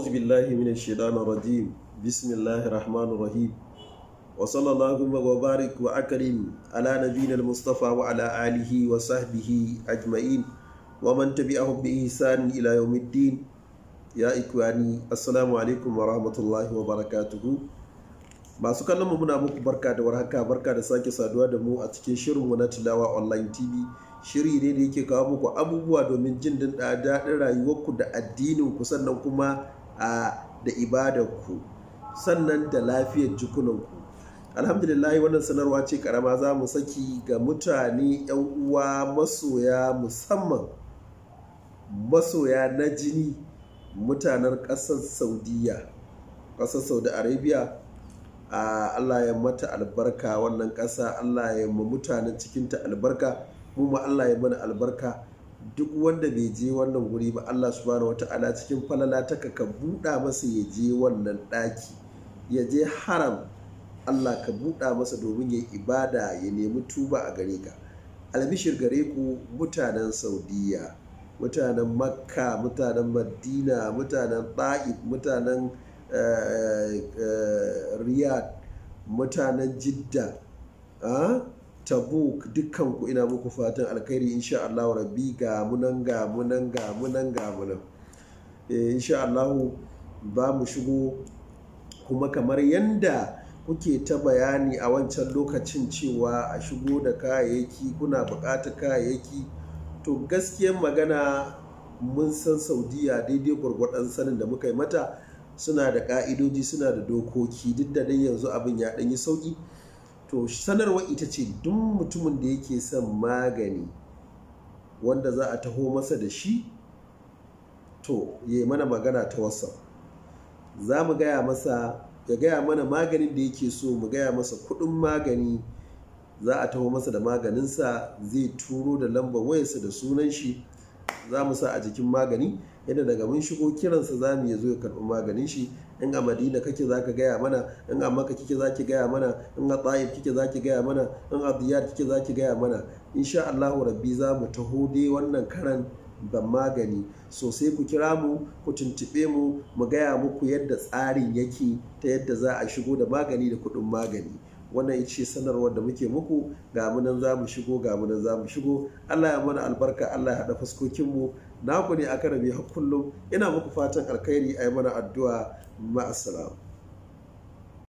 أعوذ بالله من الشيطان الرجيم بسم الله الرحمن الرحيم وصلى الله وبارك وأكرم على نبينا المصطفى وعلى آله وصحبه أجمعين ومن تبعهم بإحسان إلى يوم الدين ya ikwani assalamu alaikum wa rahmatullahi wa masu kallon mu muna muku barka da warhaka barka da sake saduwa da mu a cikin shirin mu na tilawa online tv shiri ne da yake kawo muku abubuwa domin jin din daɗin rayuwarku da addinin ku sannan kuma a da ku sannan da lafiyar jikunanku alhamdulillah wannan sanarwa ce karama za mu saki ga mutane 'yan uwa masoya musamman masoya na jini mutanen ƙasar saudiya ƙasar saudi arabia allah ya mata albarka wannan ƙasa allah ya ma mutanen cikinta albarka mu ma allah ya mana albarka duk wanda bai je wannan wuri ba Allah subhanahu wata'ala cikin falala ta ka buɗa masa ya je wannan ɗaki ya je haram Allah ka buɗa masa domin ya ibada ya nemi tuba a gare ka albishir gare ku mutanen saudiya mutanen makka mutanen madina mutanen Ɗa'ib, mutanen eh, eh, riyad mutanen jidda ah, tabuk dukkan ku ina muku fatan alkhairi insha Allah rabbi ga munan ga munan ga munan ga munan eh, insha Allah ba mu shigo kuma kamar yanda kuke ta bayani a wancan lokacin cewa a shigo da kayayyaki kuna buƙatar kayayyaki to gaskiyar magana mun san saudiya daidai gwargwadon sanin da muka yi mata suna da ka'idoji suna da dokoki duk da dai yanzu abin ya ɗanyi sauƙi to sanarwa ita ce duk mutumin da yake son magani wanda za a taho masa da shi to ya yi mana magana ta wasa za mu gaya masa ya gaya mana maganin da yake so mu gaya masa kudin magani za a taho masa da maganinsa zai turo da lambar wayarsa da sunan shi za mu sa a jikin magani yadda daga mun shigo kiransa za mu zo ya karɓi maganin shi in a madina kake za ka gaya mana in a maka kike za ki gaya mana in a ta'if kike za ki gaya mana in a diyar kike za ki gaya mana insha Allah rabbi za mu taho dai wannan karan da magani sosai ku kira mu ku tuntuɓe mu mu gaya muku yadda tsarin yake ta yadda za a shigo da magani da kuɗin magani wannan ce sanarwar da muke muku ga munan za mu shigo ga munan za mu shigo Allah ya mana albarka Allah ya haɗa fuskokinmu naku ne a karabi har kullum ina muku fatan alkhairi a yi mana addu'a ma'assalam